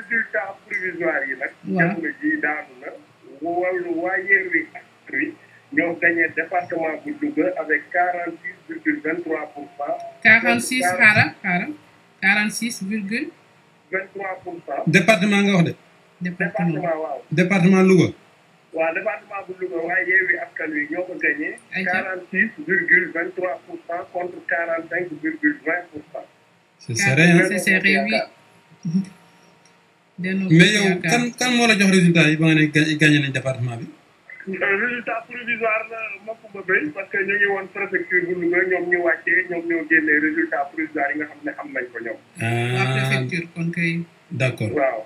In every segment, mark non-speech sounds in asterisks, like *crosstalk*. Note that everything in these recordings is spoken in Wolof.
résultat provisoire yi nak ñam la ji daanu na walu oui ñoo gagné département bu dugg avec 46,23% 46 46,23% département nga département département louga waaw département bu louga waaye yéew wi wi gagné 46,23% contre 45,20% c'est serré hein c'est serré oui mais yow kan kan moo la jox résultat yi ba nga ne gagné nañ département bi euh, résultat provisoire la makku ba béy parce que ñu ngi woon préfecture bu Louga ñoom ñu wàccee ñoom ñoo génnee résultat provisoire yi nga xam ne xam nañ ko ñoom ah. préfecture kon kay d' accord waaw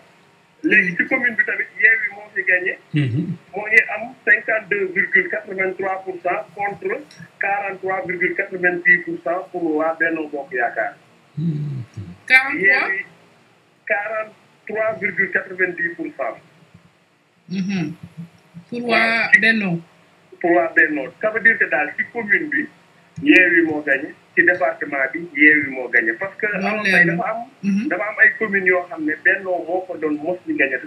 léegi ci commune bi tamit yeewi moo fi gagné mm-hmm. moo ngi am cinquante deux virgule quatre vingt trois pour cent contre quarante trois virgule quatre vingt dix pour cent pour waa bokk yaakaar quarante quarante trois virgule quatre vingt dix pour cent. Mhm. pour waa Benno. pour waa daal ci commune bi Yewwi moo gagné ci département bi Yewwi moo gagné parce que am am mhm. am ay communes yoo xam ne Benno moo ko doon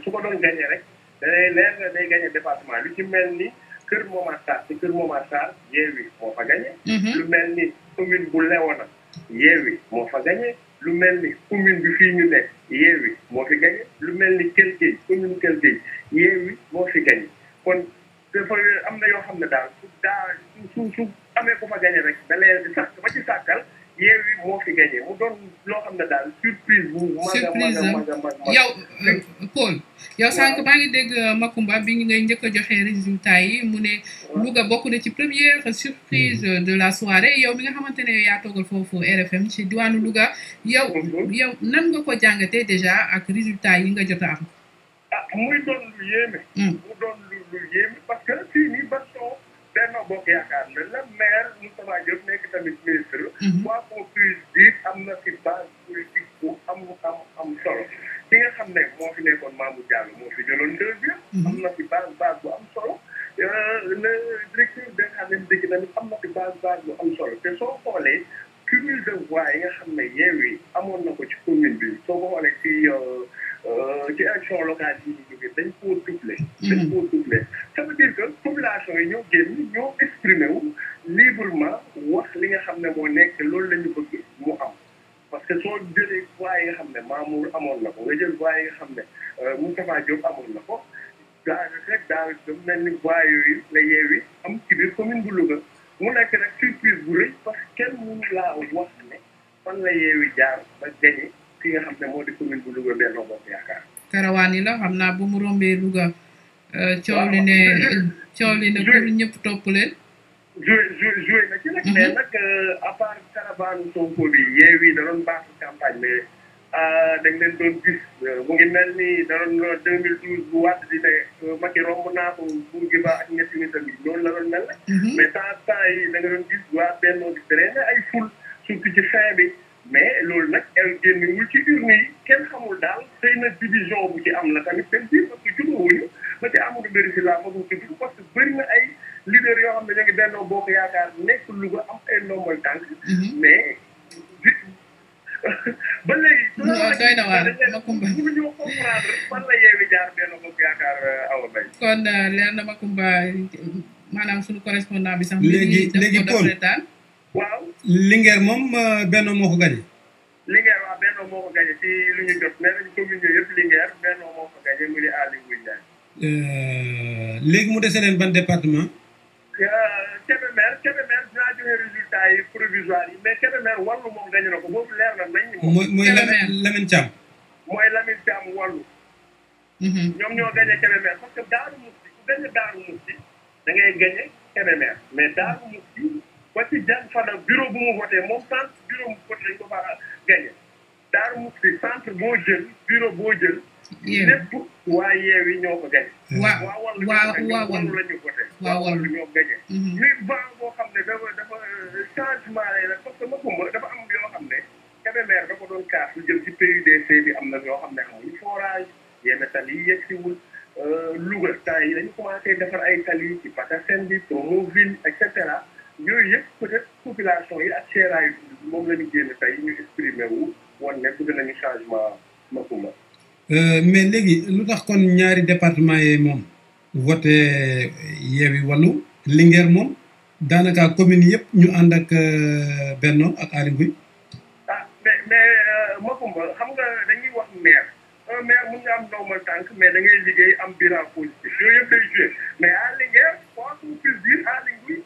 su ko doon gagné rek danay leer département lu ci mel ni Kër Momar Sarr ci Kër Momar Sarr Yewwi moo mhm. bu Léona Yewwi moo fa gagné. lu mel ni commune bi fii ñu ne Yewwi moo fi gañe lu mel ni Kelle Gueye commune Kelle Gueye Yewwi moo fi gañe kon dafa am na yoo xam ne daal su daa su su amee ku fa gañe rek da di sax moo fi gagné surprise bu surprise yow euh, Paul maa ngi dégg euh, Makumba bi ñu ngay njëkk a joxe résultat yi mu ne Louga bokk na ci première surprise hmm. de la soirée yow mi nga xamante ya yaa toogal foofu RFM ci diwaanu Louga yow hmm. Hmm. yow nan nga ko jàngatee déjà ak résultat yi nga jot am ah, Benno Bokk Yaakaar la la maire Moustapha Diop nekk tamit ministre quoi qu'on puisse dire am na ci base politique bu am am am solo ki nga xam ne moo fi nekkoon Mamour Diallo moo fi jëloon deuxième mhm. am na ci base base bu am solo euh, le directeur de xamen dëkk tamit am na ci base base bu am solo te soo xoolee cumul de voix yi nga xam ne Yewwi amoon na ko ci commune bi soo ko xoolee ci euh, euh, ci action locale yi ñu jógee dañ koo doublé mhm. dañ koo doublé dire que population yi ñoo génn ñoo exprimer wu librement li nga xam ne moo nekk loolu la ñu bëgg mu am parce que soo jëlee voix yi xam ne Mamour amoon na ko nga jël voix yi xam ne euh, Moustapha Diop amoon na ko daanaka rek daal dam mel ni voix yooyu la yeewi am ci biir commune bu Louga mu nekk nag surprise bu rëy parce que kenn mënu laa wax ne fan la yeewi jaar ba gañe ki nga xam ne moo di commune bu Louga Benno Bokk Yaakaar karawaan la xam naa bu mu rombee Louga Euh, coow li ne coow li ne pour ñëpp topp leen. joué joué na ci nag. mais mhm. nag euh, à part caravane Sonko bi da doon baax campagne mais euh, dañ leen doon gis mu ngi mel ni da doon 2012 bu wàtt di ne Macky romb naa ko Bourguiba ak ñetti nit ak loolu la doon mel nag. Mhm. mais temps temps yi da nga doon gis waa Benno di drainer ay ful surtout ci fin bi. mais loolu nag el génn wul ci urne kenn xamul daal xëy na division bu ci am la tamit seen biir parce que jubóowuñu mbiri la foofu ay leader yoo xam ne ñoo ngi bennoo boo ko yaakaar nekk Louga am ay ndombal tànk mhm. mais *laughs* ba léegi. waaw doy na waar ma kumba bu ñu comprendre fan la yeewi jaar benn bopp yaakaar euh, awa bay. kon euh, leer na ma kumba maanaam suñu correspondant bi sax. léegi léegi moom euh, benn moo ko gañe. Linguère waaw benn moo ko gañe ci lu ñu jot nee nañu mu di Aliou Ndiaye. Euh, léegi mu dese leen ban département. Euh, Kébémer Kébémer dinaa joxe résultat yi provisoire yi mais Kébémer wàllu moom gañ na ko boobu leer na nañ. mooy mooy Lamine Thiam. mooy Lamine Thiam wàllu. Mm-hmm. ñoom ñoo gañe Kébémer parce que Daaru Muxti ku gañe Daaru Muxti da ngay gañe Kébémer mais Daaru Muxti ba ci jan fana bureau bu mu voté moom centre bureau mu voté dañ ko faa gañe Daaru Muxti centre boo jël bureau lépp waa yeewi ñoo ko gañe. waaw waaw waaw waaw la ñu voté. waaw waaw ñoo gañe. mais mm-hmm. ban boo xam ne dafa dafa euh, changement lay la parce que Macoumba dafa am yoo xam ne. Kébémer da ko doon kaas lu jëm ci PUDC bi am na yoo xam ne amuñu forage yenn tali yi yegsiwul euh, Louga temps yi dañu commencé defar ay tali ci Patasène bi Promoville et cetera yooyu yëpp peut-être population yi ak seeraay moom la ñu génn tey ñu exprimer wu woon ne bëgg nañu changement Macoumba. Euh, mais léegi lu tax kon ñaari département ye moom voté Yewwi Wallu Linguère moom daanaka commune yëpp ñu ànd ak euh, Benno ak Aly ah, mais mais euh, Macoumba xam nga dañuy wax maire un nga am normal tànk mais da liggéey am bilan politique yooyu yëpp day mais à Linguère quoi qu'on puisse dire